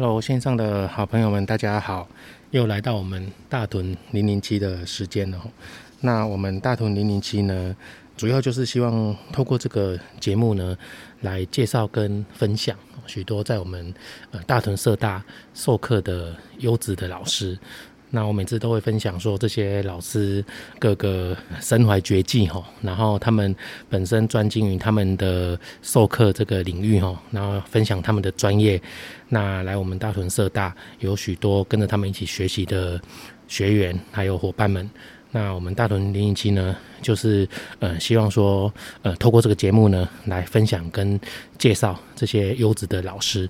Hello，線上的好朋友們，大家好，又來到我們大屯零零七的時間了喔。那我們大屯零零七呢，主要就是希望透過這個節目呢，來介紹跟分享許多在我們呃大屯社大授課的優質的老師。那我每次都會分享說，這些老師各個身懷絕技吼、喔，然後他們本身專精於他們的授課這個領域吼、喔，然後分享他們的專業。那來我們大屯社大有許多跟着他們一起學習的學員，還有伙伴們。那我們大屯007呢，就是呃希望說呃透過這個節目呢，來分享跟介紹這些優質的老師。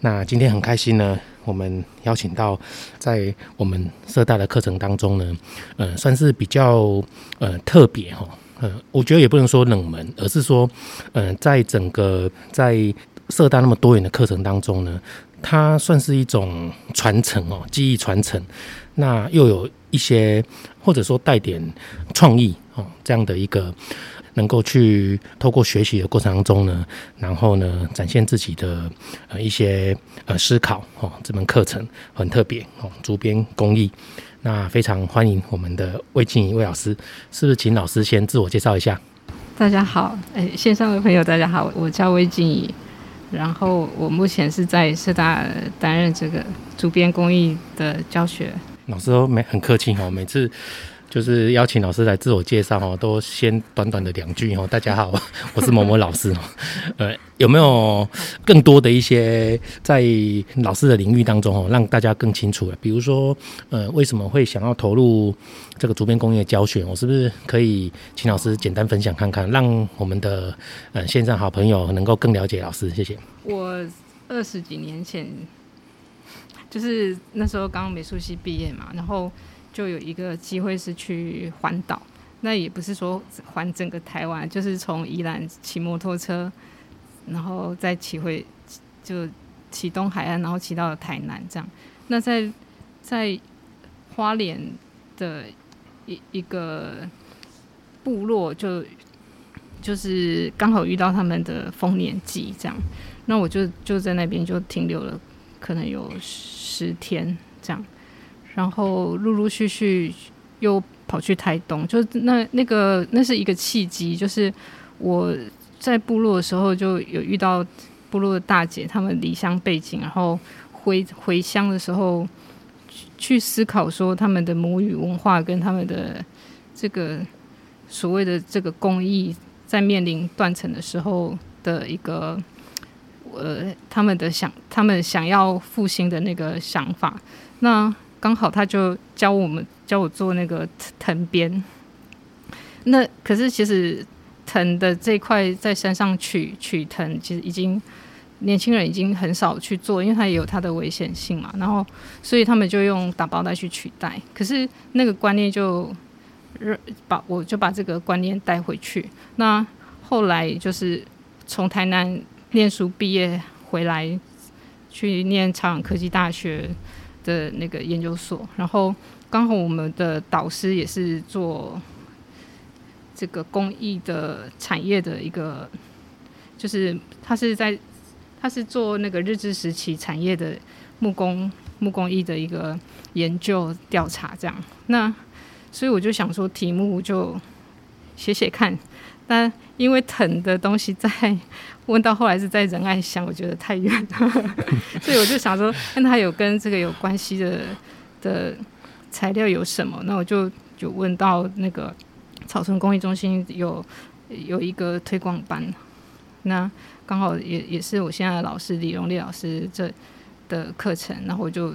那今天很開心呢。我們邀請到在我們社大的課程當中呢，呃，算是比較呃特別哈，呃，我覺得也不能說冷門，而是說，嗯，在整個在社大那麼多元的課程當中呢，它算是一種傳承哦，技藝傳承，那又有一些或者說帶點創意哦、喔，這樣的一個。能夠去透過學習的過程當中呢，然後呢展現自己的呃一些呃思考哦，這門課程很特別哦，竹編工藝。那非常歡迎我們的魏靜怡魏老師，是不是請老師先自我介紹一下？大家好，哎，線上的朋友大家好，我叫魏靜怡，然後我目前是在社大擔任這個竹編工藝的教學。老師都沒很客氣哦，每次。就是邀請老師來自我介紹哦，都先短短的兩句哦。大家好，我是某某老師哦。 呃，有沒有更多的一些在老師的領域當中哦，讓大家更清楚？比如說，呃，為什麼會想要投入這個竹編工藝教學？我是不是可以請老師簡單分享看看，讓我們的呃線上好朋友能夠更了解老師？謝謝。我二十幾年前，就是那時候剛美術系畢業嘛，然後。就有一個機會是去環島，那也不是說環整個台灣，就是從宜蘭騎摩托車，然後再騎回就騎東海岸，然後騎到了台南這樣。那在在花蓮的一一個部落就，就就是剛好遇到他們的豐年祭這樣，那我就就在那邊就停留了可能有十天這樣。然後陸陸續續又跑去台東，就那那個那是一個契機，就是我在部落的時候就有遇到部落的大姐，他們離鄉背景，然後回回鄉的時候去思考說他們的母語文化跟他們的這個所謂的這個工藝在面臨斷層的時候的一個呃他們的想他們想要復興的那個想法，那。剛好他就教我們教我做那個藤編，那可是其實藤的這塊在山上取取藤，其實已經年輕人已經很少去做，因為它也有它的危險性嘛。然後所以他們就用打包袋去取代。可是那個觀念就把我就把這個觀念帶回去。那後來就是從台南念書畢業回來，去念朝陽科技大學的那個研究所，然後剛好我們的導師也是做這個工藝的產業的一個，就是他是在他是做那個日治時期產業的木工木工藝的一個研究調查這樣，那所以我就想說，題目就寫寫看，但因為藤的東西在。問到後來是在仁愛鄉，我覺得太遠了， 所以我就想說，跟他有跟這個有關係的的材料有什麼？那我就就問到那個草屯工藝中心有有一個推廣班，那剛好也也是我現在的老師李榮利老師這的課程，那我就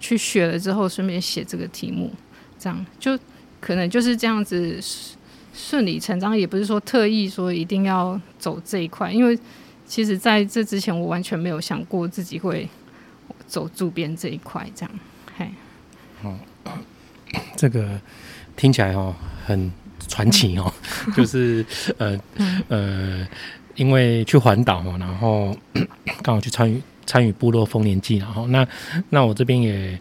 去學了之後，順便寫這個題目，這樣就可能就是這樣子。順理成章，也不是說特意說一定要走這一塊，因為其實在這之前，我完全沒有想過自己會走竹編這一塊，這樣，嘿。哦，這個聽起來哦，很傳奇哦， 就是呃呃，因為去環島嘛，然後剛好去參與參與部落豐年祭，然後那那我這邊也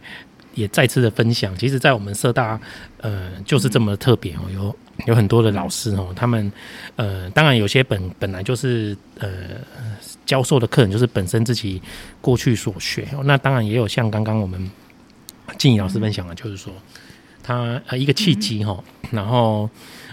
也再次的分享，其實在我們社大呃，就是這麼的特別哦，有。有很多的老師哦，他們呃，當然有些本本來就是呃教授的客人，就是本身自己過去所學。那當然也有像剛剛我們靜怡老師分享的，就是說他呃一個契機哈，然後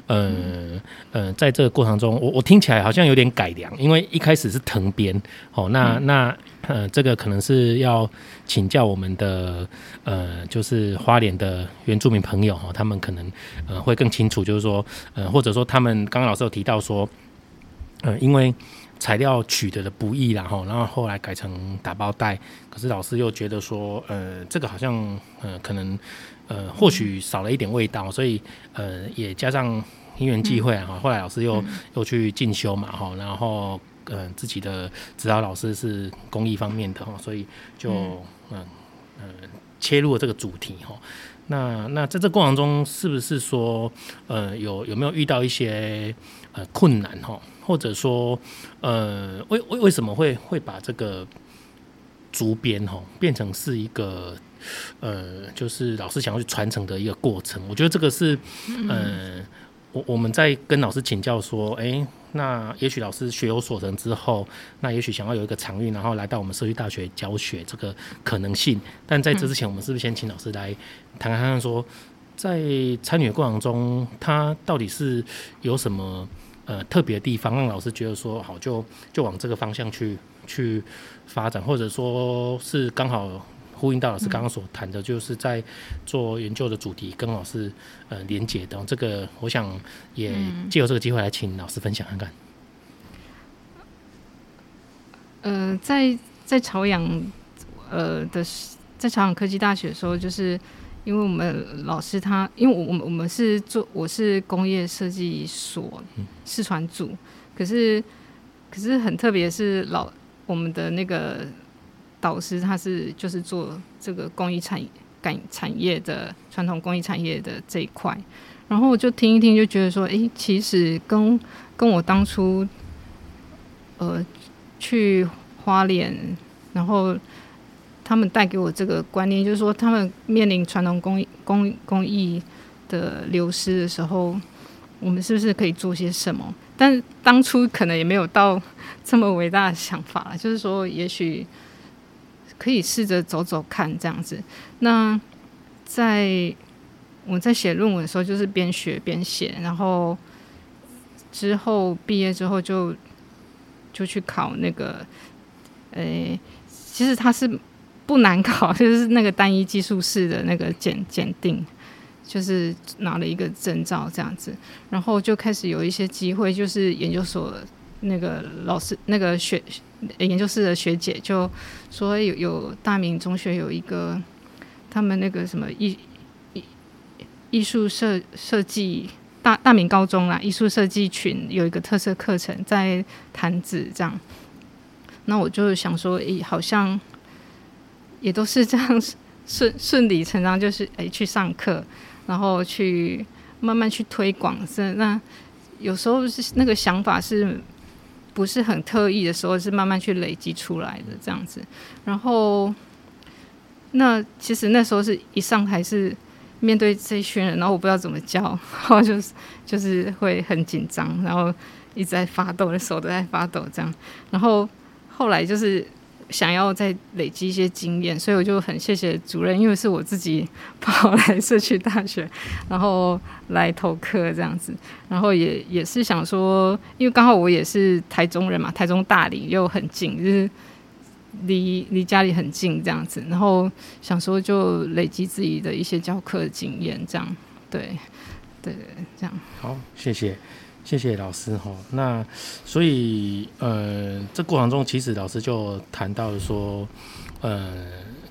呃呃在這個過程中，我我聽起來好像有點改良，因為一開始是藤編哦，那那。呃，這個可能是要請教我們的呃，就是花蓮的原住民朋友哈，他們可能呃會更清楚，就是說呃，或者說他們剛剛老師有提到說，呃，因為材料取得的不易啦哈，然後後來改成打包袋，可是老師又覺得說，呃，這個好像呃，可能呃，或許少了一點味道，所以呃，也加上因緣際會啊，後來老師又，嗯，又去進修嘛哈，然後。呃，自己的指導老師是工藝方面的哈，所以就嗯嗯、呃、切入了這個主題哈。那那在這過程中，是不是說呃有有沒有遇到一些呃困難哈？或者說呃為為為什麼會會把這個竹編哈變成是一個呃就是老師想要去傳承的一個過程？我覺得這個是嗯，嗯。呃我我們在跟老師請教說，哎，欸，那也許老師學有所成之後，那也許想要有一個場域，然後來到我們社區大學教學這個可能性。但在這之前，嗯、我們是不是先請老師來談談談，說在參與的過程中，他到底是有什麼呃特別的地方，讓老師覺得說好，就就往這個方向去去發展，或者說是剛好。呼應到老師剛剛所談的，就是在做研究的主題跟老師呃連接的這個，我想也借由這個機會來請老師分享看看，嗯。呃，在在朝陽，呃的在朝陽科技大學的時候，就是因為我們老師他，因為我們我們我們是做我是工業設計所視傳組，可是可是很特別是老我們的那個。導師他是就是做這個工藝產、感產業的，傳統工藝產業的這一塊。然後我就聽一聽，就覺得說，誒，其實跟跟我當初，呃，去花蓮，然後他們帶給我這個觀念，就是說，他們面臨傳統工藝、工工藝的流失的時候，我們是不是可以做些什麼？但當初可能也沒有到這麼偉大的想法，就是說，也許。可以試着走走看這樣子。那在我在寫論文的時候，就是邊學邊寫，然後之後畢業之後就就去考那個，誒、欸，其實它是不難考，就是那個單一技術士的那個檢檢定，就是拿了一個證照這樣子，然後就開始有一些機會，就是研究所，那個老師，那個學、欸、研究室的學姐就說有，有有大明中學有一個，他們那個什麼藝藝藝術設設計大大明高中啦，藝術設計群有一個特色課程，在談子這樣。那我就想說，哎、欸，好像也都是這樣順順理成章，就是誒、欸、去上課，然後去慢慢去推廣。是那有時候是那個想法是。不是很特意的時候，是慢慢去累積出來的這樣子。然後，那其實那時候是一上台是面對這一群人，然後我不知道怎麼教，然後就是就是會很緊張，然後一直在發抖，手都在發抖這樣。然後後來就是。想要再累積一些經驗，所以我就很謝謝主任，因為是我自己跑來社區大學，然後來投課這樣子，然後也也是想說，因為剛好我也是台中人嘛，台中大里又很近，就是離離家裡很近這樣子，然後想說就累積自己的一些教課經驗這樣，對對對，對，這樣。好，謝謝。謝謝老師哈，那所以呃，這過程中其實老師就談到了說，呃，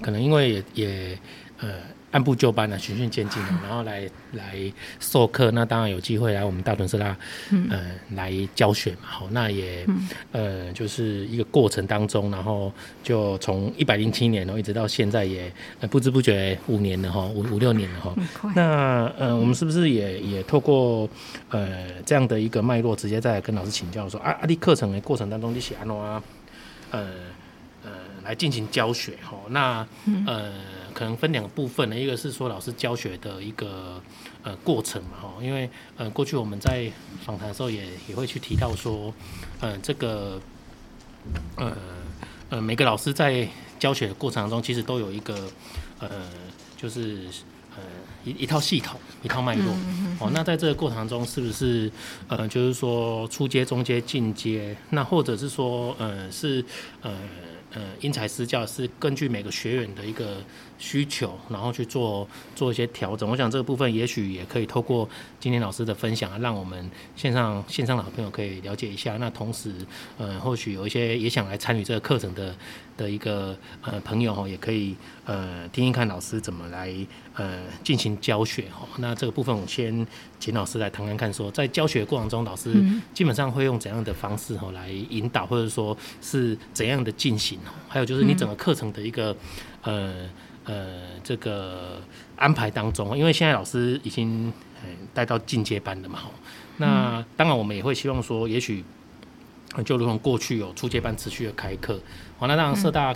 可能因為也也呃。按部就班的，循序漸進的，然後來來授課，那當然有機會來我們大屯社大，嗯、呃，來教學嘛，好，那也、嗯、呃，就是一個過程當中，然後就從一百零七年，然後一直到現在也、呃、不知不覺五年了哈，五五六年了哈，嗯、那呃，我們是不是也也透過呃這樣的一個脈絡，直接在跟老師請教說啊，啊，你課程的過程當中，你寫阿啊，呃呃來進行教學哈，那、嗯、呃。可能分兩個部分，一個是說老師教學的一個呃過程嘛，哈，因為呃過去我們在訪談的時候也也會去提到說，呃這個呃呃每個老師在教學的過程中其實都有一個呃就是呃一一套系統一套脈絡哦，那在這個過程中是不是呃就是說初階、中階、進階，那或者是說呃是呃呃因材施教，是根據每個學員的一個。需求，然後去做做一些調整。我想這個部分也許也可以透過今天老師的分享，啊，讓我們線上線上的好朋友可以了解一下。那同時，呃，或許有一些也想來參與這個課程的的一個呃朋友哈、哦，也可以呃聽聽看老師怎麼來呃進行教學哈、哦。那這個部分我先請老師來談談看，看說，說在教學過程中，老師基本上會用怎樣的方式哈、哦、來引導，或者說是怎樣的進行？還有就是你整個課程的一個、嗯、呃。呃，這個安排當中，因為現在老師已經帶到進階班了嘛，吼，那當然我們也會希望說，也許就如同過去有初階班持續的開課。嗯那當然，社大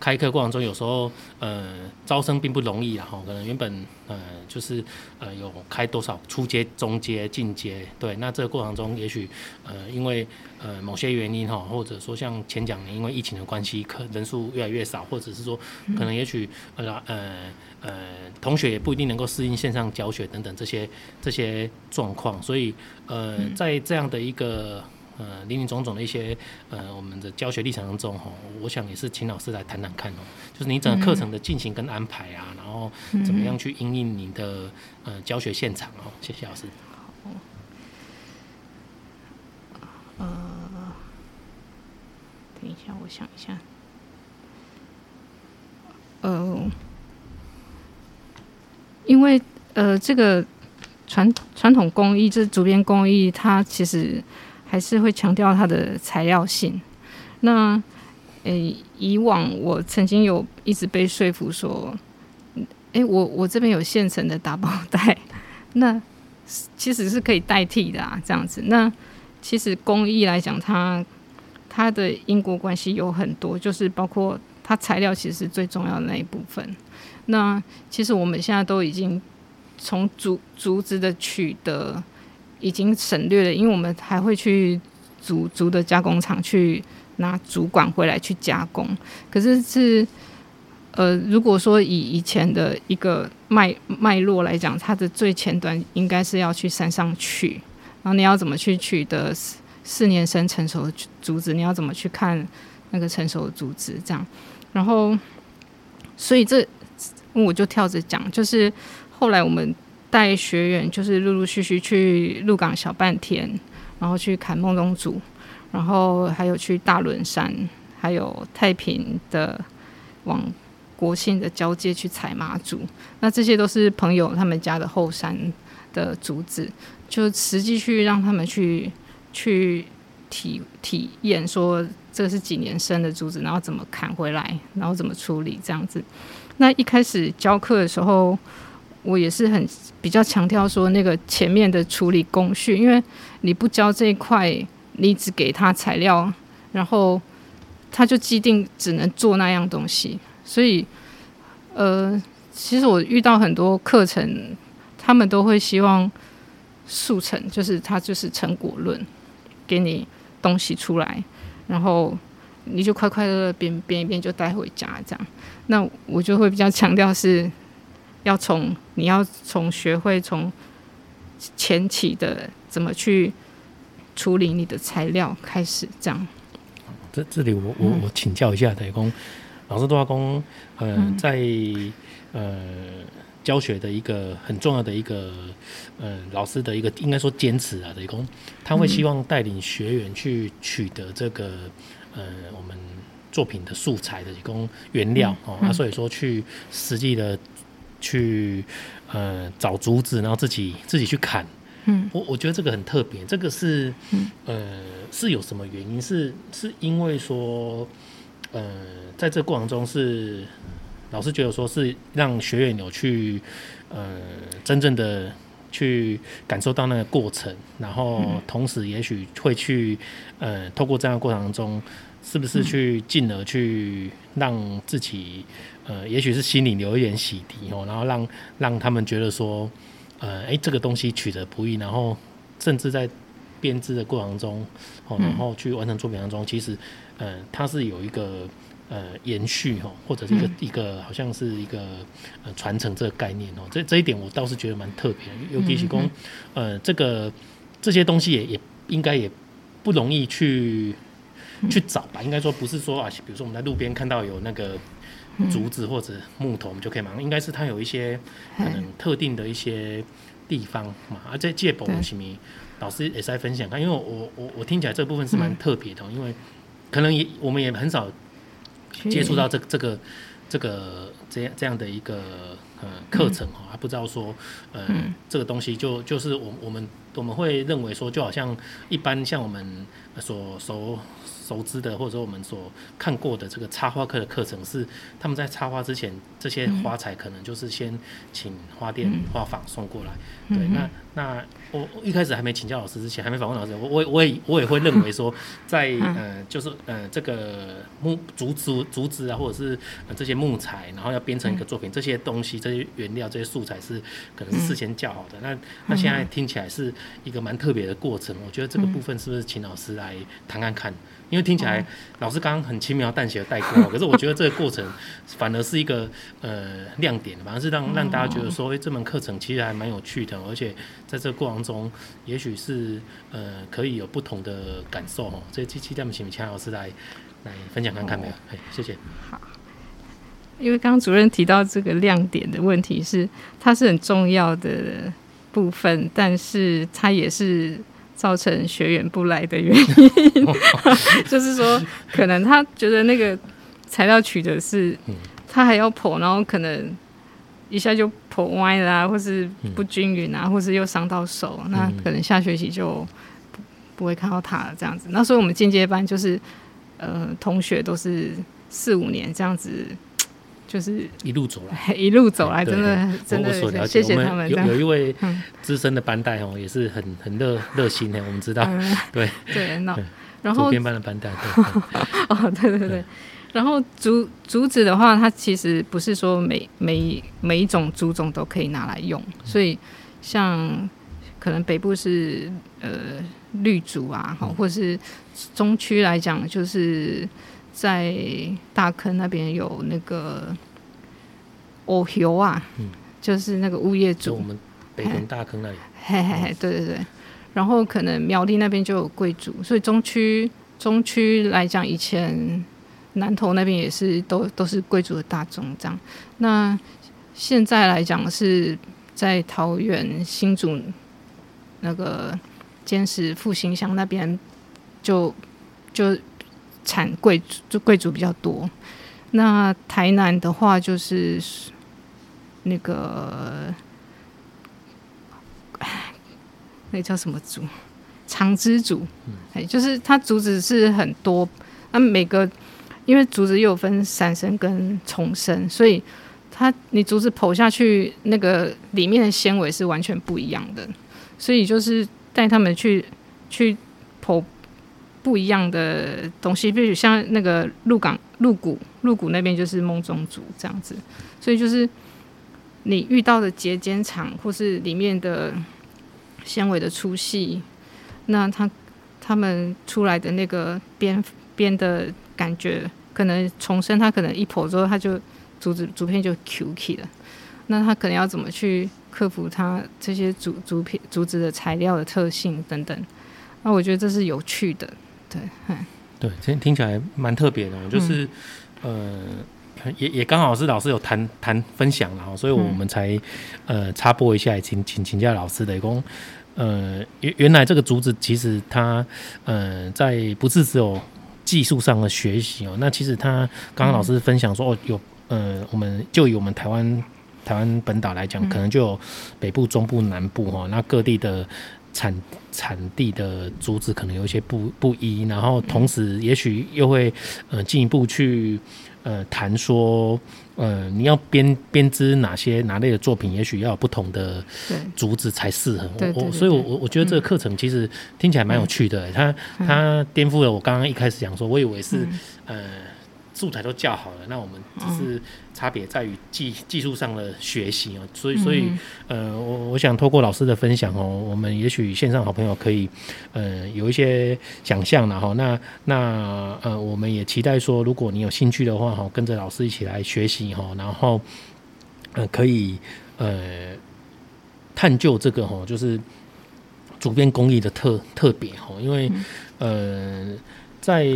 開課過程中，有時候呃招生並不容易，啊。哈，可能原本呃就是呃有開多少初階、中階、進階，對，那這個過程中也、呃，也許呃因為呃某些原因哈，或者說像前兩年，因為疫情的關係，可能人數越來越少，或者是說可能也許呃呃呃同學也不一定能夠適應線上教學等等這些這些狀況，所以呃在這樣的一個。呃，林林總總的一些呃，我們的教學歷程當中，吼，我想也是請老師來談談看喔，就是你整個課程的進行跟安排啊，嗯，然後怎麼樣去因應你的呃教學現場喔，謝謝老師。好，呃，等一下，我想一下，呃，因為呃，這個傳傳統工藝，就是竹編工藝，它其實。還是會強調它的材料性。那，誒、欸，以往我曾經有一直被說服說，誒、欸，我我這邊有現成的打包袋，那其實是可以代替的啊。這樣子，那其實工藝來講，它它的因果關係有很多，就是包括它材料其實是最重要的那一部分。那其實我們現在都已經從竹，竹子的取得，已經省略了，因為我們還會去竹竹的加工廠去拿竹管回來去加工。可是是呃，如果說以以前的一個脈脈絡來講，它的最前端應該是要去山上取，然後你要怎麼去取得四四年生成熟的竹子？你要怎麼去看那個成熟的竹子？這樣，然後所以這我就跳着講，就是後來我們。帶學員就是陸陸續續去鹿港小半天，然後去砍孟宗竹，然後還有去大崙山，還有太平的往國姓的交界去採麻竹。那這些都是朋友他們家的後山的竹子，就實際去讓他們去去體體驗，說這是幾年生的竹子，然後怎麼砍回來，然後怎麼處理這樣子。那一開始教課的時候。我也是很比較強調說那個前面的處理工序，因為你不教這一塊，你只給他材料，然後他就既定只能做那樣東西。所以，呃，其實我遇到很多課程，他們都會希望速成，就是他就是成果論，給你東西出來，然後你就快快樂樂編編一遍，就帶回家這樣。那我就會比較強調是。要從你要從學會從前期的怎麼去處理你的材料開始，這樣。這這裡我、嗯、我我請教一下雷工、呃，老師都阿工，呃、嗯、在呃教學的一個很重要的一個呃老師的一個應該說堅持啊，雷、呃、工，他會希望帶領學員去取得這個、嗯、呃我們作品的素材的一供原料哦，那、呃、所以說去實際的。去，呃，找竹子，然後自己自己去砍。嗯，我我覺得這個很特別，這個是，呃，是有什麼原因？是是因為說，呃，在這個過程中是老師覺得說是讓學員有去，呃，真正的去感受到那個過程，然後同時也許會去，呃，透過這樣的過程中，是不是去進而去讓自己。嗯呃，也許是心裡留一點洗滌哦、喔，然後讓讓他們覺得說，呃，哎、欸，這個東西取得不易，然後甚至在編織的過程中，哦、喔，然後去完成作品當中，其實，呃，它是有一個呃延續哈、喔，或者是一個、嗯、一個好像是一個傳、呃、承這個概念哦、喔，這這一點我倒是覺得蠻特別的，因為地契工，呃，這個這些東西也也應該也不容易去去找吧，應該說不是說啊，比如說我們在路邊看到有那個。嗯、竹子、或者木頭，我們就可以馬上。應該是它有一些可能特定的一些地方嘛。嘿啊，在借寶靜怡老師也是在分享它。嘿因為我我我聽起來這部分是蠻特別的，嗯、因為可能也我們也很少接觸到這這個這個這樣這樣的一個呃課程哈、喔，還不知道說、呃、嗯，這個東西就就是我我們我們會認為說，就好像一般像我們所熟。所熟知的，或者說我們所看過的這個插花課的課程是，他們在插花之前，這些花材可能就是先請花店花坊送過來。對，嗯、哼那那我，我一開始還沒請教老師之前，還沒訪問老師，我我也我也會認為說在，在、嗯、哼呃，就是呃，這個木竹子竹子啊，或者是、呃、這些木材，然後要編成一個作品，嗯、哼這些東西這些原料這些素材是可能是事先叫好的。嗯、哼那那現在聽起來是一個蠻特別的過程，我覺得這個部分是不是請老師來談看看？因為聽起來老師剛剛很輕描淡寫的帶過，嗯、可是我覺得這個過程反而是一個 呃亮點，反而是讓讓大家覺得說，誒、欸，這門課程其實還蠻有趣，的，嗯、而且在這個過程中也，也許是呃可以有不同的感受哦，所以，期待我們請錢老師來來分享看看，沒有、嗯呃，謝謝。好，因為剛剛主任提到這個亮點的問題是，它，是很重要的部分，但是它也是。造成學員不來的原因， 就是說，可能他覺得那個材料取的是，他還要剖，然後可能一下就剖歪了啊，或是不均勻啊，或是又傷到手，那可能下學期就不，不會看到他了這樣子。那所以我們進階班就是，呃，同學都是四五年這樣子。就是一路走來，一路走來，真的真的，謝謝他們。有一位資深的班代哦，也是很很熱熱心的，我們知道。對對，然後竹編班的班代，哦，對對對。然後竹竹子的話，它其實不是說每每每一種竹種都可以拿來用，所以像可能北部是呃綠竹啊，齁，或是中區來講就是。在大坑那邊有那個歐遊啊，嗯，就是那個物業主，我們北屯大坑那裡，嘿嘿嘿，對對對。然後可能苗栗那邊就有貴族，所以中區中區來講，以前南投那邊也是都都是貴族的大宗這樣。那現在來講是，在桃園新竹那個尖石復興鄉那邊，就就。產桂竹，就桂竹比較多。那台南的話，就是那個那個、叫什麼竹？長枝竹。哎、嗯欸，就是它竹子是很多。那、啊、每個因為竹子又有分散生跟叢生，所以它，你竹子剖下去，那個裡面的纖維是完全不一樣的。所以就是帶他們去去剖。不一樣的東西，比如像那個鹿港鹿谷、鹿谷那邊就是孟宗竹這樣子，所以就是你遇到的節間長，或是裡面的纖維的粗細，那它它們出來的那個邊邊的感覺，可能重生它可能一剖之後它就竹子竹片就 Q K 了，那它可能要怎麼去克服它這些竹竹片竹子的材料的特性等等，那我覺得這是有趣的。對，對，今天聽起來蠻特別的，就是，嗯、呃，也也剛好是老師有談談分享，然後所以我們才、嗯、呃插播一下，請請請教老師的，公呃，原原來這個竹子其實它，呃，在不是只有技術上的學習哦、喔，那其實他剛剛老師分享說，哦、喔，有，呃，我們就以我們台灣台灣本島來講，可能就有北部、中部、南部哈，那各地的。產產地的竹子可能有一些不不一，然後同時也許又會呃進一步去呃談說呃你要編編織哪些哪類的作品，也許要有不同的竹子才適合。對，我，對對對對，我，所以我，我我覺得這個課程其實聽起來蠻有趣的，欸，嗯，它，它它顛覆了我剛剛一開始講說，我以為是，嗯，呃。素材都教好了，那我們只是差別在於技技術上的學習。所以所以呃，我我想透過老師的分享哦，我們也許線上好朋友可以呃有一些想象。那那呃，我們也期待說，如果你有興趣的話哈，跟着老師一起來學習哈，然後呃可以呃探究這個哈，就是竹編工藝的特特別哈，因為、嗯、呃。在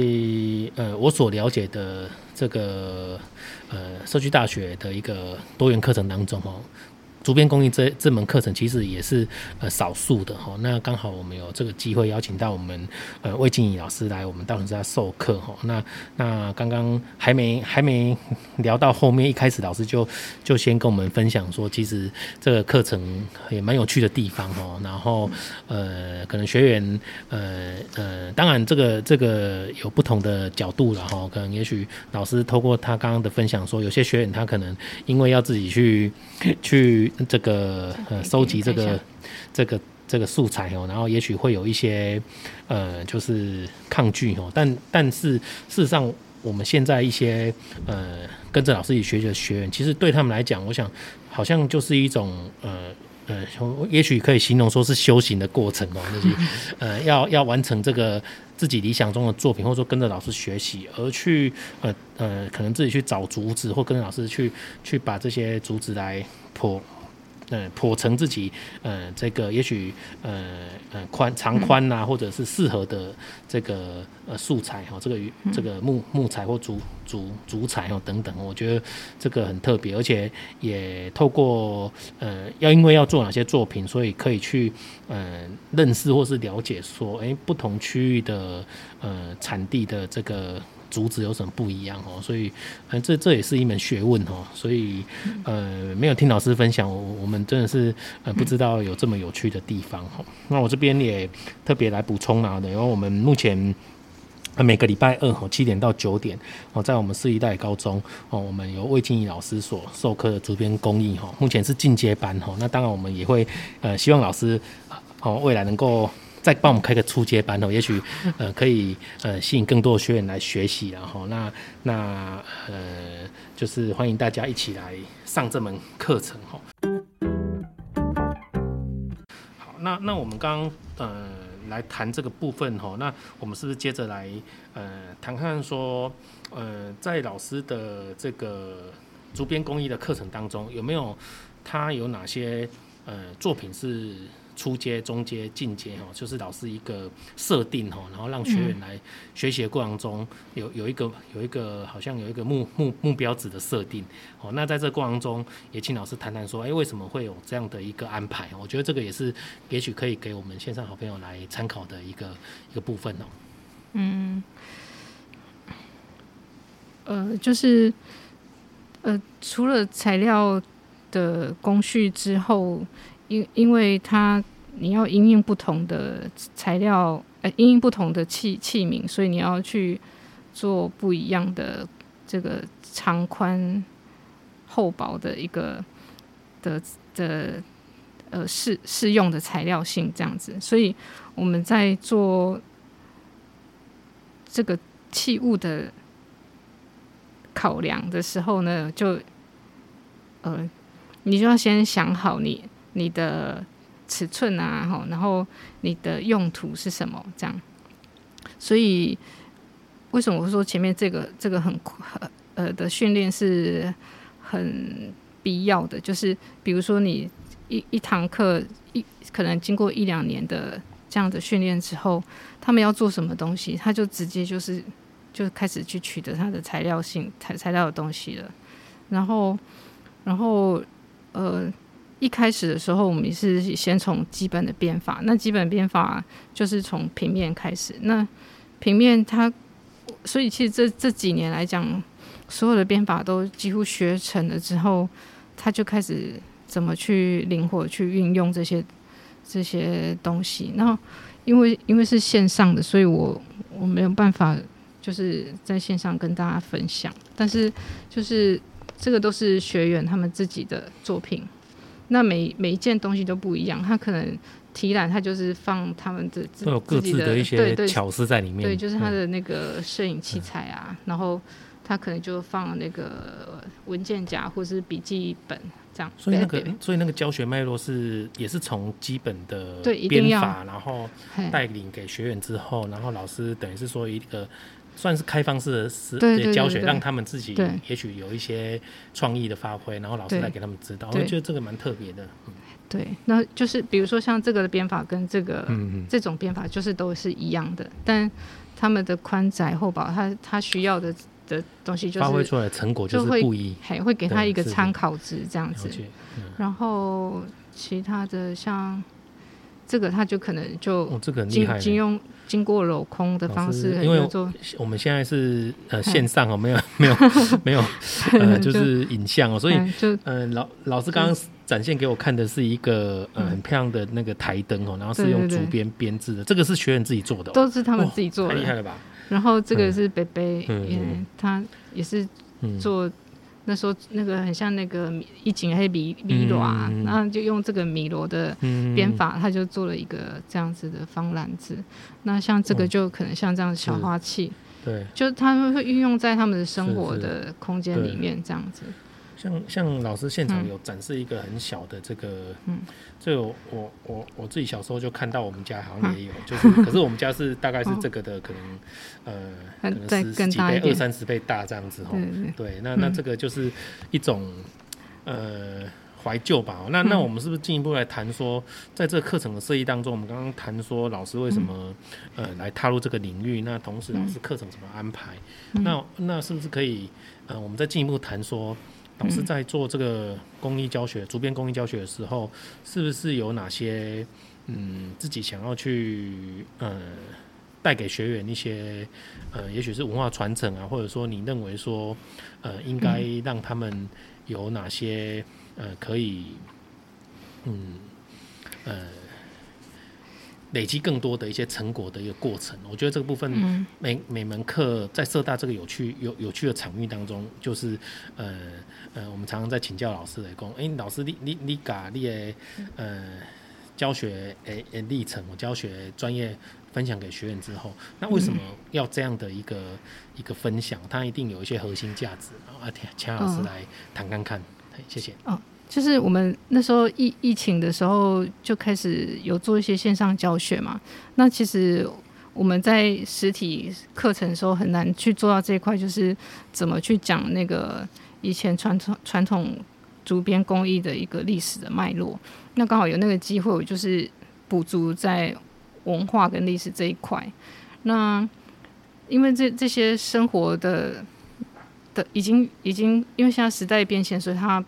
呃，我所了解的這個呃社區大學的一個多元課程當中，哦。竹編工藝這這門課程其實也是呃少數的哈，那剛好我們有這個機會邀請到我們呃魏靜怡老師來我們到道明來授課哈。那那剛剛還沒還沒聊到後面，一開始老師就就先跟我們分享說，其實這個課程也蠻有趣的地方哈。然後呃可能學員呃呃當然這個這個有不同的角度了哈，可能也許老師透過他剛剛的分享說，有些學員他可能因為要自己去去。這個呃，收集這個這個、這個、這個素材哦，然後也許會有一些呃，就是抗拒哦，但但是事實上，我們現在一些呃，跟着老師一起學習的學員，其實對他們來講，我想好像就是一種呃呃，也許可以形容說是修行的過程哦，就是呃要要完成這個自己理想中的作品，或者說跟着老師學習，而去呃呃，可能自己去找竹子，或跟着老師去去把這些竹子來破。嗯，剖成自己，呃，這個也許，呃，呃，寬長寬吶、啊，或者是適合的這個呃素材哈、哦，這個這個木木材或竹竹竹材哦等等，我覺得這個很特別，而且也透過呃，要因為要做哪些作品，所以可以去嗯、呃、認識或是了解說，哎、欸，不同區域的呃產地的這個。竹子有什麼不一樣哦、喔？所以，這這也是一門學問哦、喔。所以，呃，沒有聽老師分享，我我們真的是呃不知道有這麼有趣的地方、喔嗯、那我這邊也特別來補充啊，因為我們目前每個禮拜二哈、喔、七點到九點哦、喔，在我們市一代高中哦、喔，我們由魏靜怡老師所授課的竹編工藝、喔、目前是進階班、喔、那當然我們也會呃希望老師哦、喔、未來能夠。再幫我們開個初階班哦，也許，呃，可以呃吸引更多的學員來學習，然後那那呃就是歡迎大家一起來上這門課程哈。好，那那我們剛剛呃來談這個部分哈，那我們是不是接着來呃談看說，呃，在老師的這個竹編工藝的課程當中，有沒有他有哪些呃作品是？初階、中階、進階哦，就是老師一個設定哦，然後讓學員來學習的過程中，有有一個有一個好像有一個目目目標值的設定哦。那在這過程中，也請老師談談說，哎，為什麼會有這樣的一個安排？我覺得這個也是，也許可以給我們線上好朋友來參考的一個一個部分哦。嗯，呃，就是呃，除了材料的工序之後。因因為它你要應用不同的材料，呃，應用不同的器器皿，所以你要去做不一樣的這個長寬、厚薄的一個的的呃適適用的材料性這樣子，所以我們在做這個器物的考量的時候呢，就呃，你就要先想好你。你的尺寸啊，哈，然後你的用途是什麼？這樣，所以為什麼我說前面這個這個很很呃的訓練是很必要的？就是比如說你一一堂課一可能經過一兩年的這樣的訓練之後，他們要做什麼東西，他就直接就是就開始去取得他的材料性材材料的東西了。然後，然後呃。一開始的時候，我們也是先從基本的編法。那基本編法就是從平面開始。那平面它，所以其實這這幾年來講，所有的編法都幾乎學成了之後，他就開始怎麼去靈活去運用這些這些東西。那因為因為是線上的，所以我我沒有辦法就是在線上跟大家分享。但是就是這個都是學員他們自己的作品。那每每一件東西都不一樣，他可能提籃，他就是放他們的，都有各自的一些巧思在裡面。對，對，對，對，就是他的那個攝影器材啊，嗯嗯、然後他可能就放那個文件夾或是筆記本這樣。所以那個，所以那個教學脈絡是也是從基本的編法，然後帶領給學員之後，嘿然後老師等於是說一個。算是開放式的是對教學，對對對對，讓他們自己也許有一些創意的發揮，對對對對，然後老師來給他們指導。我覺得這個蠻特別的。對,嗯、對，那就是比如說像這個的編法跟這個嗯嗯這種編法，就是都是一樣的，但他們的寬窄厚薄，他他需要的的東西就,是就發揮出來的成果就是不一，還會,會給他一個參考值這樣子。嗯、然後其他的像。這個他就可能就經經用經過鏤空的方式，因為做我們現在是呃線上哦，沒有沒有沒有呃，就是影像哦，所以呃老老師剛剛展現給我看的是一個呃很漂亮的那個台燈哦，然後是用竹編編織的，這個是學員自己做的，都是他們自己做的，太厲害了吧？然後這個是北北，嗯，他也是做，那時候那個很像那個一錦黑米米羅啊，嗯嗯、然後就用這個米羅的編法，嗯、他就做了一個這樣子的方籃子。嗯、那像這個就可能像這樣子小花器，嗯、對，就是他們會運用在他們的生活的空間裡面這樣子。是是像像老師現場有展示一個很小的這個，嗯，所以我我我我自己小時候就看到我們家好像也有，嗯、就是可是我們家是大概是這個的、哦、可能，呃，可能是十幾倍、二三十倍大這樣子齁，對，那那這個就是一種、嗯、呃懷舊吧、喔。那那我們是不是進一步來談說，在這個課程的設計當中，我們剛剛談說老師為什麼、嗯、呃來踏入這個領域，那同時老師課程怎麼安排？嗯、那那是不是可以呃我們再進一步談說？老師在做這個公益教學、竹編公益教學的時候，是不是有哪些嗯，自己想要去呃，帶給學員一些呃，也許是文化傳承啊，或者說你認為說呃，應該讓他們有哪些呃，可以嗯呃，累積更多的一些成果的一個過程？我覺得這個部分、嗯、每每門課在社大這個有趣有有趣的場域當中，就是呃。呃，我們常常在請教老師來，講，誒，老師，你你你講你的呃教學誒誒歷程，我教學專業分享給學員之後，那為什麼要這樣的一個、嗯、一個分享？它一定有一些核心價值。啊，田老師來談談看，看、嗯，謝謝。啊、哦，就是我們那時候疫疫情的時候就開始有做一些線上教學嘛。那其實我們在實體課程的時候很難去做到這一塊，就是怎麼去講那個。以前傳統、傳統竹編工藝的一個歷史的脈絡，那剛好有那個機會，我就是補足在文化跟歷史這一塊。那因為這這些生活的的已經已經，因為現在時代變遷，所以它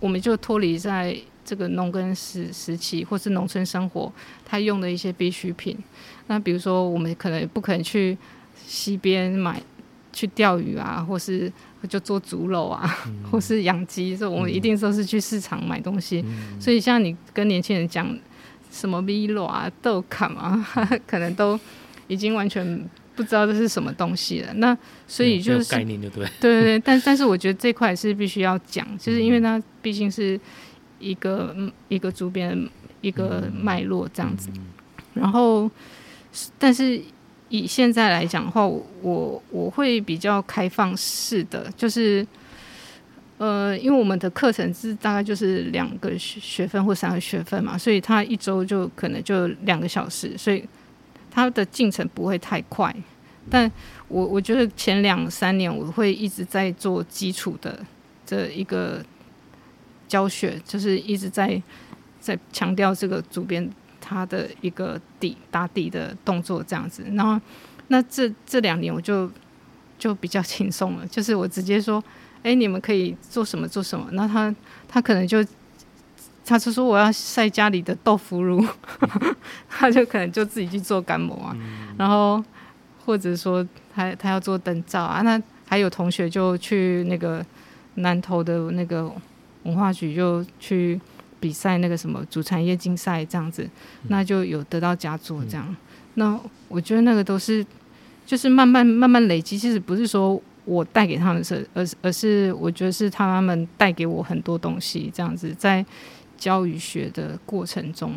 我們就脫離在這個農耕時時期或是農村生活，他用的一些必需品。那比如說，我們可能不可能去西邊買。去釣魚啊，或是就做竹簍啊，嗯、或是養雞，說我們一定都是去市場買東西。嗯、所以像你跟年輕人講什麼 Vlog 啊、豆卡啊，可能都已經完全不知道這是什麼東西了。那所以就是、嗯、概念就對，對,對對。但但是我覺得這塊是必須要講，嗯、就是因為它畢竟是一個、嗯、一個竹編一個脈絡這樣子。嗯、然後，但是。以現在來講的話，我我會比較開放式的就是，呃，因為我們的課程是大概就是兩個學分或三個學分嘛，所以他一周就可能就兩個小時，所以他的進程不會太快。但我我覺得前兩三年我會一直在做基礎的這一個教學，就是一直在在強調這個竹編。他的一個底，打底的動作這樣子，然後那這這兩年我就就比較輕鬆了，就是我直接說，哎、欸，你們可以做什麼做什麼，那他他可能就他就說我要曬家裡的豆腐乳， 他就可能就自己去做乾摩啊，然後或者說他他要做燈罩啊，那還有同學就去那個南投的那個文化局就去。比賽那個，什麼竹產業競賽這樣子，那就有得到佳作這樣。嗯，那我覺得那個都是，就是慢慢慢慢累積。其實不是說我帶給他們是，而而是我覺得是他們帶給我很多東西這樣子，在教與學的過程中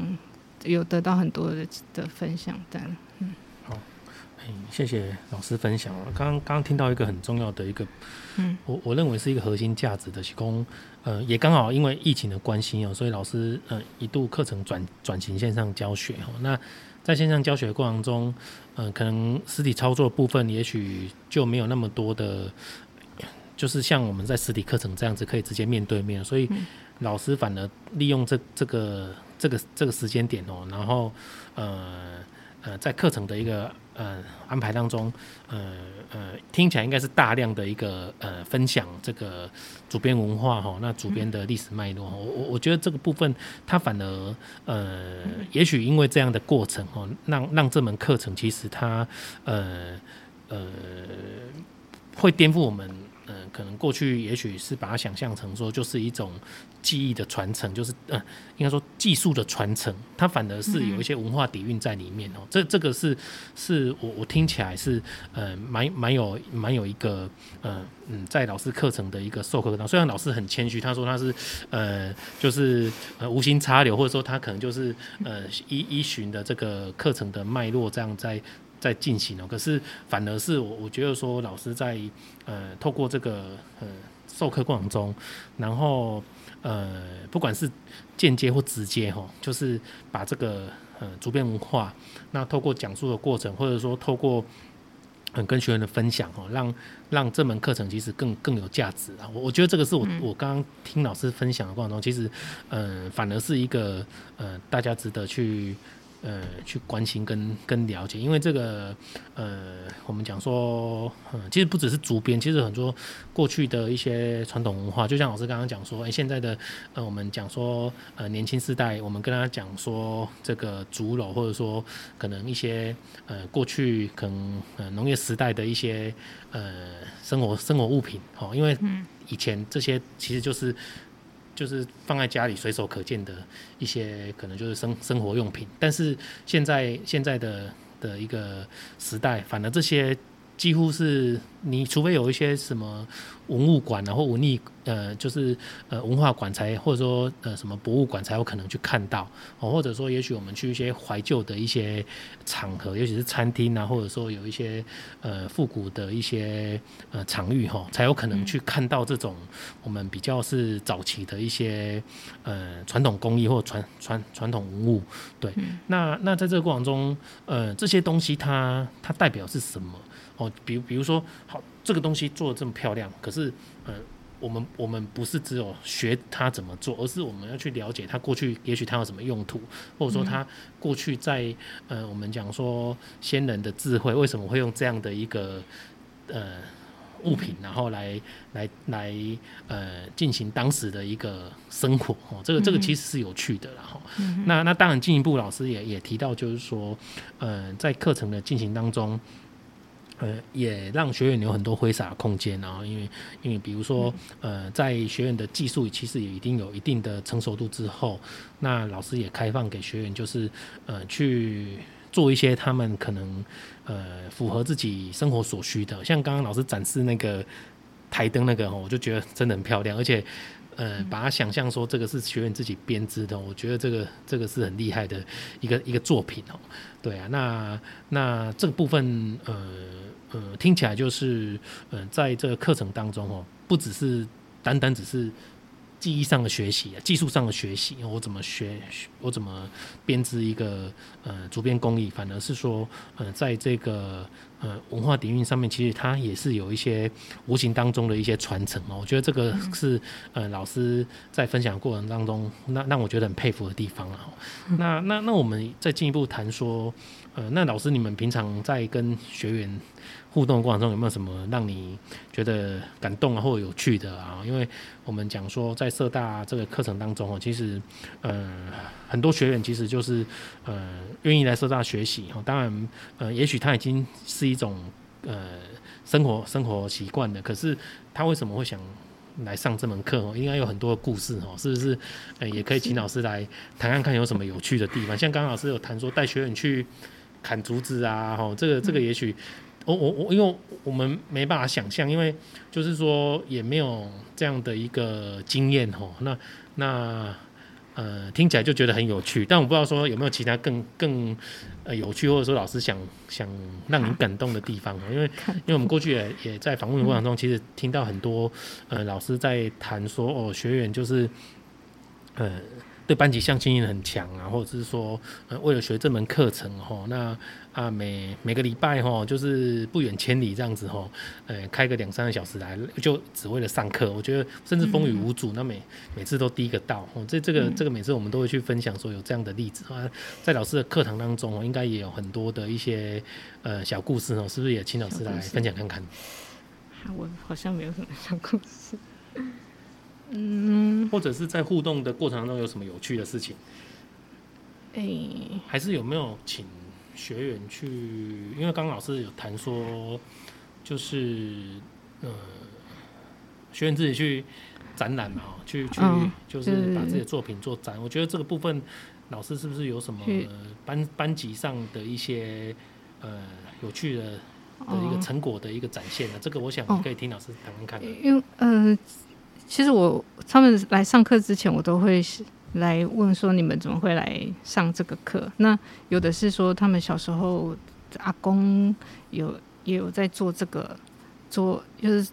有得到很多的的分享嗯、謝謝老師分享，啊。剛剛聽到一個很重要的一個，嗯，我我認為是一個核心價值的提供。呃，也剛好因為疫情的關係哦、喔，所以老師呃一度課程轉轉型線上教學，喔、那在線上教學的過程中，嗯、呃，可能實體操作的部分也許就沒有那麼多的，就是像我們在實體課程這樣子可以直接面對面。所以老師反而利用這這個這個這個時間點哦、喔，然後呃呃，在課程的一個。呃，安排當中，呃呃，聽起來應該是大量的一個呃分享這個竹編文化哈、喔，那竹編的歷史脈絡，嗯、我我覺得這個部分它反而呃，也許因為這樣的過程哦、喔，讓讓這門課程其實它呃呃會顛覆我們。嗯、呃，可能過去也許是把它想象成說，就是一種技藝的傳承，就是嗯、呃，應該說技術的傳承，它反而是有一些文化底蘊在裡面嗯嗯哦。這這個是，是我我聽起來是，呃，蠻蠻有蠻有一個，呃嗯，在老師課程的一個授課當中，雖然老師很謙虛，他說他是呃，就是呃無心插柳，或者說他可能就是呃依依循的這個課程的脈絡這樣在。在進行哦、喔，可是反而是我我覺得說老師在呃透過這個呃授課過程中，然後呃不管是間接或直接哈、喔，就是把這個呃竹編文化，那透過講述的過程，或者說透過很、呃、跟學員的分享哈、喔，讓讓這門課程其實更更有價值啊。我我覺得這個是我、嗯、我剛剛聽老師分享的過程中，其實呃反而是一個呃大家值得去。呃，去關心跟跟了解，因為這個，呃，我們講說、呃，其實不只是竹編，其實很多過去的一些傳統文化，就像老師剛剛講說，哎、欸，現在的，呃，我們講說，呃，年輕世代，我們跟他講說，這個竹簍，或者說可能一些，呃，過去可能呃，農業時代的一些，呃，生活生活物品，哦，因為以前這些其實就是。就是放在家裡隨手可見的一些，可能就是生生活用品，但是現在現在的的一個時代，反而這些。幾乎是你除非有一些什麼文物館啊，或文藝呃，就是呃文化館才，或者說呃什麼博物館才有可能去看到哦，或者說也許我們去一些懷舊的一些場合，尤其是餐廳啊，或者說有一些呃復古的一些呃場域吼才有可能去看到這種我們比較是早期的一些呃傳統工藝或傳傳傳統文物。對，嗯、那那在這個過程中，呃，這些東西它它代表是什麼？哦，比如，比如說，好，這個東西做得這麼漂亮，可是，呃，我們我們不是只有學它怎麼做，而是我們要去了解它過去，也許它有什麼用途，或者說它過去在，呃，我們講說先人的智慧為什麼我會用這樣的一個，呃，物品，然後來來來，呃，進行當時的一個生活，哦，這個這個其實是有趣的，然後，哦，嗯哼，那那當然進一步，老師也也提到，就是說，呃，在課程的進行當中。呃，也讓學員有很多揮灑空間喔，然後因為因為比如說，嗯、呃，在學員的技術其實也一定有一定的成熟度之後，那老師也開放給學員，就是呃去做一些他們可能呃符合自己生活所需的，像剛剛老師展示那個台燈那個喔，我就覺得真的很漂亮，而且。呃，把它想象說這個是學員自己編織的，我覺得這個這個是很厲害的一個一個作品哦。對啊，那那這個部分呃呃聽起來就是呃，在這個課程當中哦，不只是單單只是。技藝上的學習啊，技術上的學習，我怎麼學？我怎麼編織一個呃竹編工藝？反而是說，呃，在這個呃文化底蘊上面，其實它也是有一些無形當中的一些傳承，我覺得這個是呃老師在分享過程當中，那讓我覺得很佩服的地方啊。那那那我們再進一步談說，呃，那老師你們平常在跟學員互動的過程中有沒有什麼讓你覺得感動啊，或有趣的啊？因為我們講說在社大這個課程當中，其實呃很多學員其實就是呃願意來社大學習。當然，呃也許他已經是一種呃生活生活習慣的，可是他為什麼會想來上這門課？應該有很多的故事哦，是不是？呃也可以請老師來談看看有什麼有趣的地方。像剛剛老師有談說帶學員去砍竹子啊，這個這個也許。我我、哦、我，因為我們沒辦法想象因為就是說也沒有這樣的一個經驗哦。那那呃，聽起來就覺得很有趣，但我不知道說有沒有其他更更、呃、有趣，或者說老師想想讓你感動的地方哦。啊、因為、感動、因為我們過去也也在訪問的過程中，其實聽到很多、嗯、呃老師在談說哦，學員就是呃。對班級向心力很強啊，或者是說、呃，為了學這門課程哦，那啊每每個禮拜哦，就是不遠千里這樣子哦，呃，開個兩三個小時來，就只為了上課。我覺得甚至風雨無阻，嗯、那每每次都第一個到、哦、這這個這個每次我們都會去分享，說有這樣的例子啊，在老師的課堂當中、哦，應該也有很多的一些呃小故事哦，是不是也請老師來分享看看、啊？我好像沒有什麼小故事。嗯，或者是在互動的過程當中有什麼有趣的事情？哎、欸，還是有沒有請學員去？因為剛剛老師有談說，就是呃，學員自己去展覽嘛，去去、哦、就是把自己的作品做展。嗯、我覺得這個部分，老師是不是有什麼班去班級上的一些呃有趣的的一個成果的一個展現呢？哦、這個我想可以聽老師談談看的。嗯嗯其實我他們來上課之前，我都會來問說，你們怎麼會來上這個課？那有的是說，他們小時候阿公有也有在做這個，做就是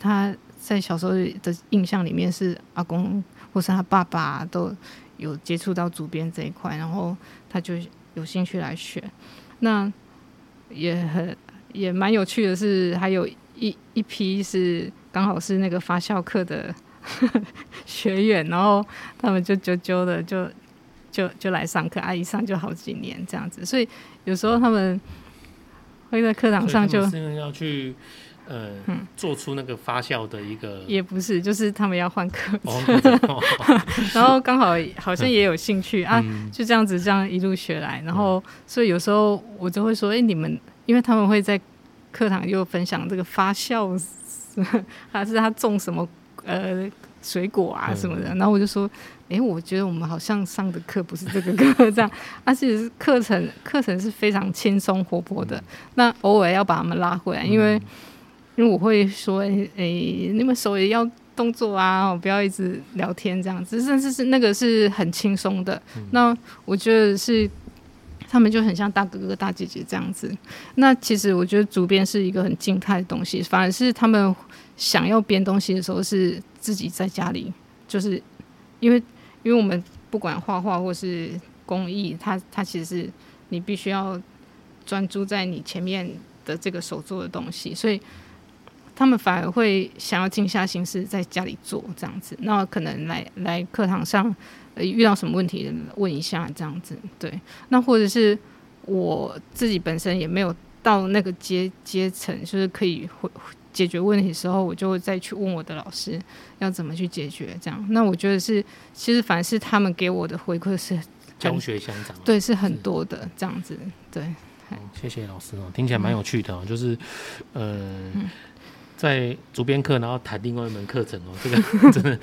他在小時候的印象裡面是阿公或是他爸爸都有接觸到竹編這一塊，然後他就有興趣來學。那也很也蠻有趣的是，是還有一一批是。剛好是那個發酵課的呵呵學員，然後他們就啾啾的就就就來上課啊，一上就好幾年這樣子，所以有時候他們會在課堂上就要去呃，嗯，做出那個發酵的一個，也不是，就是他們要換課，程喔、 然後剛好好像也有興趣 啊，就這樣子這樣一路學來，然後所以有時候我就會說，哎、欸，你們，因為他們會在課堂又分享這個發酵。還是他種什麼呃水果啊什麼的，嗯、然後我就說，哎，我覺得我們好像上的課不是這個課， 這樣，而且是課程課程是非常輕鬆活潑的，嗯、那偶爾要把他們拉回來，因為、嗯、因為我會說，哎，你們手也要動作啊，不要一直聊天這樣子，但是是那個是很輕鬆的，嗯、那我覺得是。他們就很像大哥哥、大姐姐這樣子。那其實我覺得竹編是一個很靜態的東西，反而是他們想要編東西的時候，是自己在家裡，就是因為因為我們不管畫畫或是工藝，他它其實是你必須要專注在你前面的這個手做的東西，所以他們反而會想要靜下心思在家裡做這樣子。那可能來來課堂上。呃，遇到什麼問題問一下這樣子，對。那或者是我自己本身也沒有到那個階階層，就是可以回解決問題的時候，我就會再去問我的老師要怎麼去解決這樣。那我覺得是，其實凡是他們給我的回饋是教學相長、啊，對，是很多的這樣子，是對、嗯。謝謝老師哦、喔，聽起來蠻有趣的哦、喔，嗯、就是、呃、嗯，在竹編課，然後談另外一門課程哦、喔，這個 真的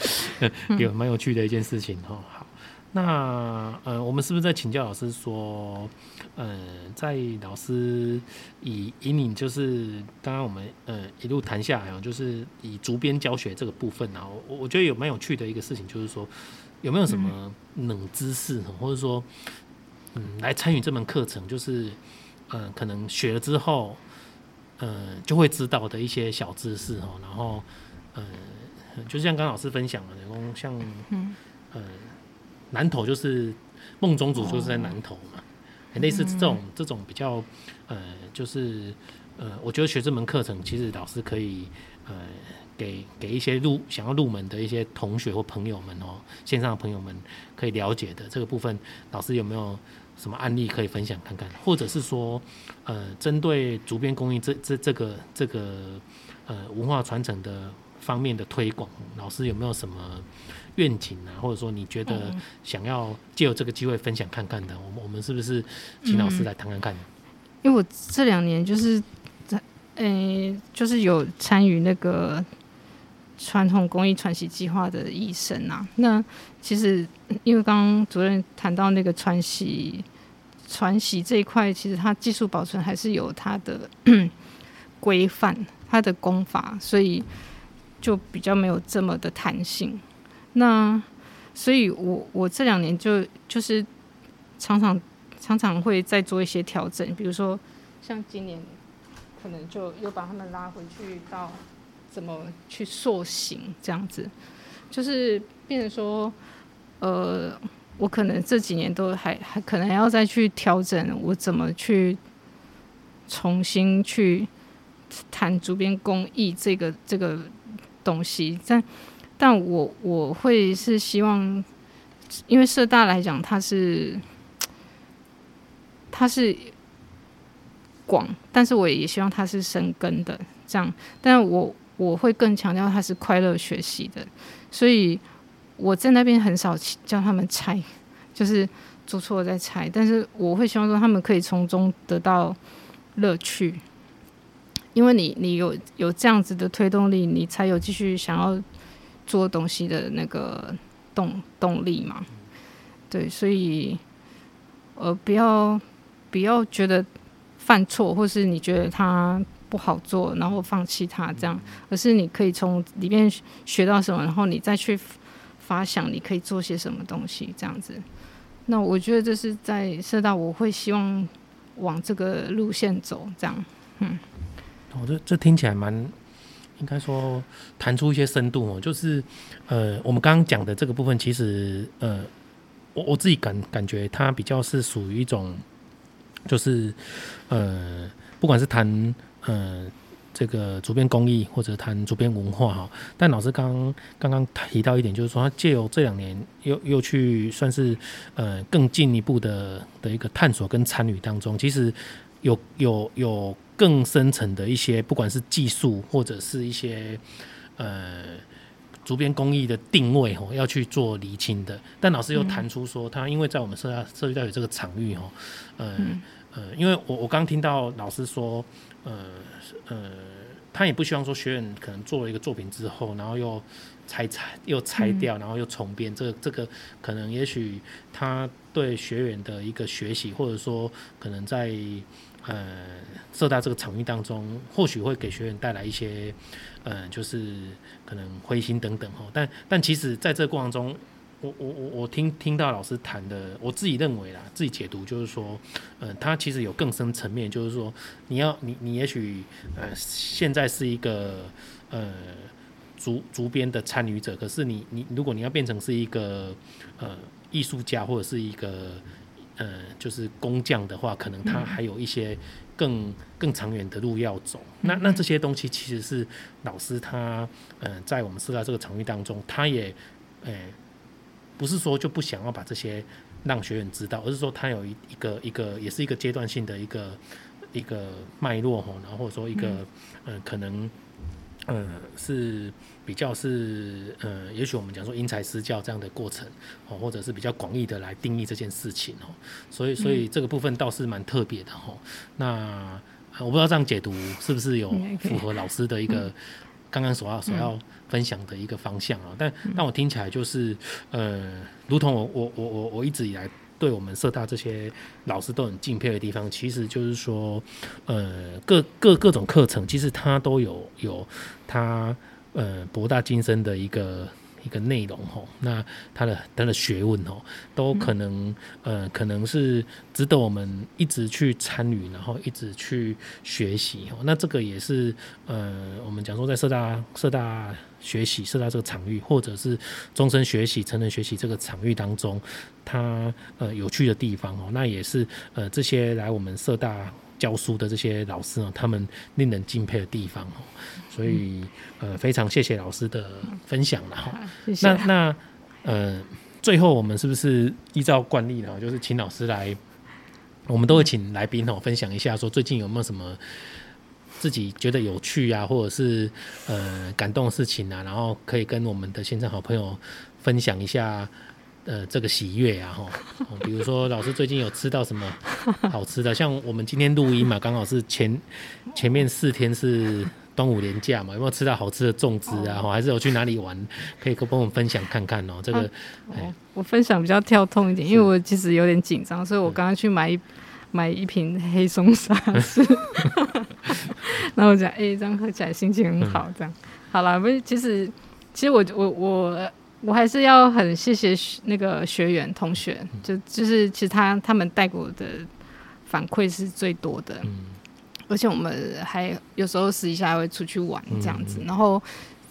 有蠻有趣的一件事情哦、喔。嗯那呃，我們是不是在請教老師說，呃，在老師以以你就是剛剛我們呃一路談下來，就是以竹編教學這個部分啊，我我覺得有蠻有趣的一個事情，就是說有沒有什麼冷知識，嗯、或者說嗯，來參與這門課程，就是呃，可能學了之後，呃，就會知道的一些小知識哈，然後呃，就像剛剛老師分享的，然後像嗯呃。嗯南投就是孟宗竹，就是在南投嘛，類似這種這種比較，呃，就是呃，我覺得學這門課程，其實老師可以呃給給一些入想要入門的一些同學或朋友們哦、喔，線上的朋友們可以了解的這個部分，老師有沒有什麼案例可以分享看看？或者是說，呃，針對竹編工藝這這這個這個呃文化傳承的方面的推廣，老師有沒有什麼？願景啊，或者說你覺得想要借由這個機會分享看看的，我們、嗯、我們是不是請老師來談看看、嗯？因為我這兩年就是，呃、欸，就是有參與那個傳統工藝傳習計劃的藝生啊。那其實因為剛剛主任談到那個傳習傳習這一塊，其實它技術保存還是有它的規範，它的功法，所以就比較沒有這麼的彈性。那，所以我，我我這兩年就就是常常常常會再做一些調整，比如說像今年可能就又把他們拉回去到怎麼去塑形這樣子，就是變成說，呃，我可能這幾年都還還可能還要再去調整我怎麼去重新去談竹編工藝這個這個東西，但。但我我會是希望，因為社大來講，它是它是廣，但是我也希望它是生根的這樣。但我我會更強調它是快樂學習的，所以我在那邊很少叫他們拆，就是做錯了再拆。但是我會希望說他們可以從中得到樂趣，因為你你有有這樣子的推動力，你才有繼續想要。做東西的那個動動力嘛，嗯、對，所以呃，不要不要覺得犯錯，或是你覺得它不好做，然後放棄它這樣，嗯、而是你可以從裡面學，學到什麼，然後你再去發想你可以做些什麼東西這樣子。那我覺得這是在說到我會希望往這個路線走，這樣，嗯。哦，這這聽起來蠻。應該說，談出一些深度哦，就是，呃，我們剛剛講的這個部分，其實，呃，我我自己感感覺它比較是屬於一種，就是，呃，不管是談呃這個竹編工藝，或者談竹編文化哈，但老師剛剛剛提到一點，就是說他借由這兩年又又去算是呃更進一步的的一個探索跟參與當中，其實有有有。有更深層的一些，不管是技術或者是一些呃竹編工藝的定位吼，要去做釐清的。但老師又談出說，他因為在我們社教社教育這個場域吼，呃呃，因為我我剛聽到老師說，呃呃，他也不希望說學員可能做了一個作品之後，然後又拆拆又拆掉，然後又重編。嗯、這個、這個可能也許他對學員的一個學習，或者說可能在。呃，受、嗯、到這個場域當中，或許會給學員帶來一些，呃、嗯，就是可能灰心等等吼。但但其實，在這個過程中，我我我我聽聽到老師談的，我自己認為啦，自己解讀就是說，呃、嗯，他其實有更深層面，就是說你，你要你你也許呃，現在是一個呃，竹竹編的參與者，可是你你如果你要變成是一個呃藝術家或者是一個。呃，就是工匠的話，可能他還有一些更更長遠的路要走。那那這些東西其實是老師他呃，在我們四大這個場域當中，他也誒、呃、不是說就不想要把這些讓學員知道，而是說他有一個一個一個也是一個階段性的一個一個脈絡，然後或者說一個、嗯、呃可能。嗯，是比較是呃，也許我們講說因材施教這樣的過程哦，或者是比較廣義的來定義這件事情哦，所以所以這個部分倒是蠻特別的哦。那我不知道這樣解讀是不是有符合老師的一個剛剛所要所要分享的一個方向啊？但但我聽起來就是呃，如同我我我我我一直以來。對我們社大這些老師都很敬佩的地方，其實就是說，呃，各各各種課程，其實它都有有它呃博大精深的一個一個內容，哦，那它的它的學問，哦，都可能，嗯，呃可能是值得我們一直去參與，然後一直去學習。哦，那這個也是呃，我們講說在社大社大。學習社大這個場域，或者是終身學習、成人學習這個場域當中，它，呃有趣的地方哦、喔，那也是呃這些來我們社大教書的這些老師啊，他們令人敬佩的地方哦、喔，所以、嗯、呃非常謝謝老師的分享了哈、喔嗯。那那呃最後我們是不是依照慣例呢，就是請老師來，我們都會請來賓哦、喔嗯、分享一下，說最近有沒有什麼？自己覺得有趣啊，或者是呃感動的事情啊，然後可以跟我們的線上好朋友分享一下呃這個喜悅啊吼。比如說老師最近有吃到什麼好吃的？像我們今天錄音嘛，剛好是前前面四天是端午連假嘛，有沒有吃到好吃的粽子啊？還是有去哪裡玩？可以跟我們分享看看哦、喔。這個、啊哎、我分享比較跳痛一點，因為我其實有點緊張，是所以我剛剛去買一。買一瓶黑松沙士， 然後我講哎、欸，這樣喝起來心情很好。這樣好了，不是？其實，其實我我我我還是要很謝謝學那個學員同學，就就是其實他他們帶給我的反饋是最多的。嗯、而且我們還有時候私底下還會出去玩這樣子。嗯嗯，然後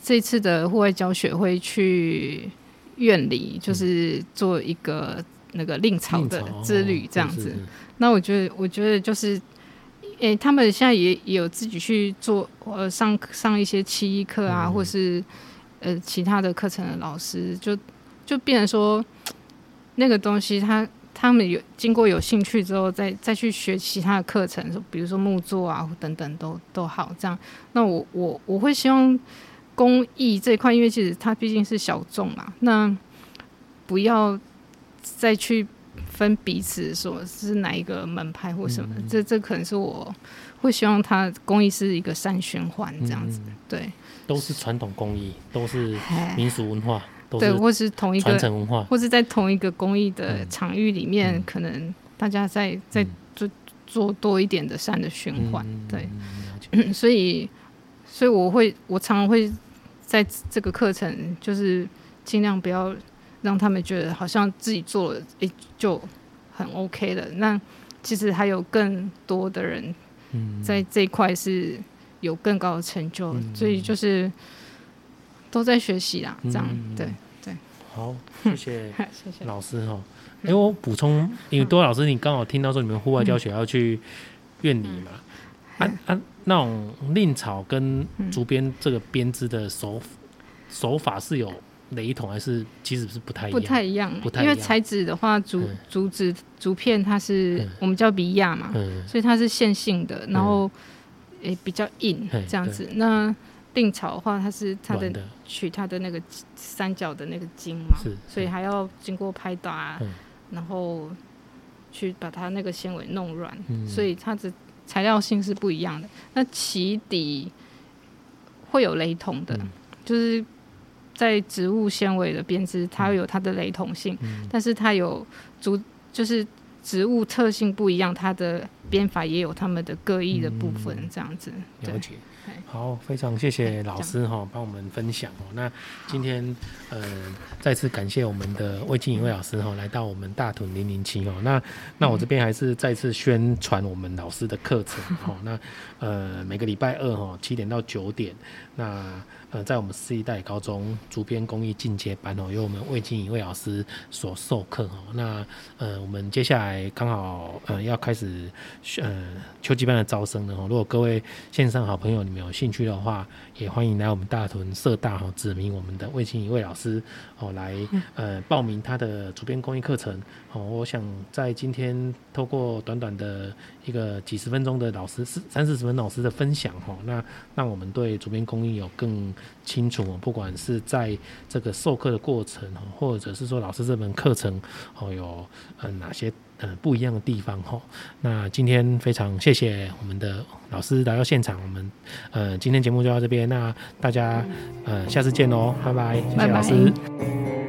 這次的戶外教學會去苑裡，就是做一個那個藺草的之旅這樣子。那我覺得，我覺得就是，誒、欸，他們現在也也有自己去做，呃，上上一些漆藝課啊，或是，呃，其他的課程的老師，就就變成說，那個東西他他們有經過有興趣之後再，再再去學其他的課程，比如說木作啊等等都，都都好這樣。那我我我會希望工藝這塊，因為其實它畢竟是小眾嘛，那不要再去。分彼此，說是哪一個門派或什麼，嗯、這這可能是我會希望它，工藝是一個善循環這樣子，嗯、對。都是傳統工藝，都是民俗文化，嘿文化對，或是同一個傳承文化，或是在同一個工藝的場域裡面，嗯、可能大家在在做，嗯、做多一點的善的循環，嗯、對。嗯、所以，所以我會我常常會在這個課程，就是盡量不要。讓他們覺得好像自己做了誒、欸、就很 OK 了。那其實還有更多的人在這一塊是有更高的成就，嗯、所以就是都在學習啦。嗯、這樣對、嗯、對，好，謝謝，謝謝老師哈。因為我補充，嗯、因為多老師你剛好聽到說你們戶外教學要去苑裡嘛，安、嗯嗯嗯啊啊、那種藺草跟竹編這個編織的手、嗯、手法是有，雷同還是其實是不太一樣？不太一樣，因為材質的話，竹竹子竹片，它是我們叫比亞嘛，所以它是線性的，然後誒比較硬這樣子。那定草的話，它是它的取它的那個三角的那個莖嘛，所以還要經過拍打，然後去把它那個纖維弄軟，所以它的材料性是不一樣的。那起底會有雷同的，就是。在植物纖維的編織，它有它的雷同性，嗯、但是它有竹，就是植物特性不一樣，它的。編法也有他們的各異的部分，這樣子、嗯、了解。對好，非常謝謝老師哈、喔，幫樣我們分享哦、喔。那今天好呃，再次感謝我們的魏靜怡魏老師哈、喔，來到我們大屯零零七哦。那那我這邊還是再次宣傳我們老師的課程哦、喔嗯喔。那呃，每個禮拜二哈、喔，七點到九點，那呃，在我們四一代高中竹編工藝進階班哦、喔，由我們魏靜怡魏老師所授課哈。那呃，我們接下來剛好呃要開始。呃，秋季班的招生呢，如果各位線上好朋友你們有興趣的話，也歡迎來我們大屯社大哦，指名我們的魏靜怡魏老師哦來呃報名他的竹編工藝課程哦。我想在今天透過短短的一個幾十分鐘的老師三四十分老師的分享哈、哦，那讓我們對竹編工藝有更清楚，不管是在這個授課的過程，或者是說老師這門課程哦有嗯、呃、哪些。呃、嗯，不一樣的地方吼。那今天非常謝謝我們的老師來到現場，我們呃，今天節目就到這邊，那大家呃，下次見囉，拜拜，謝謝老師。拜拜。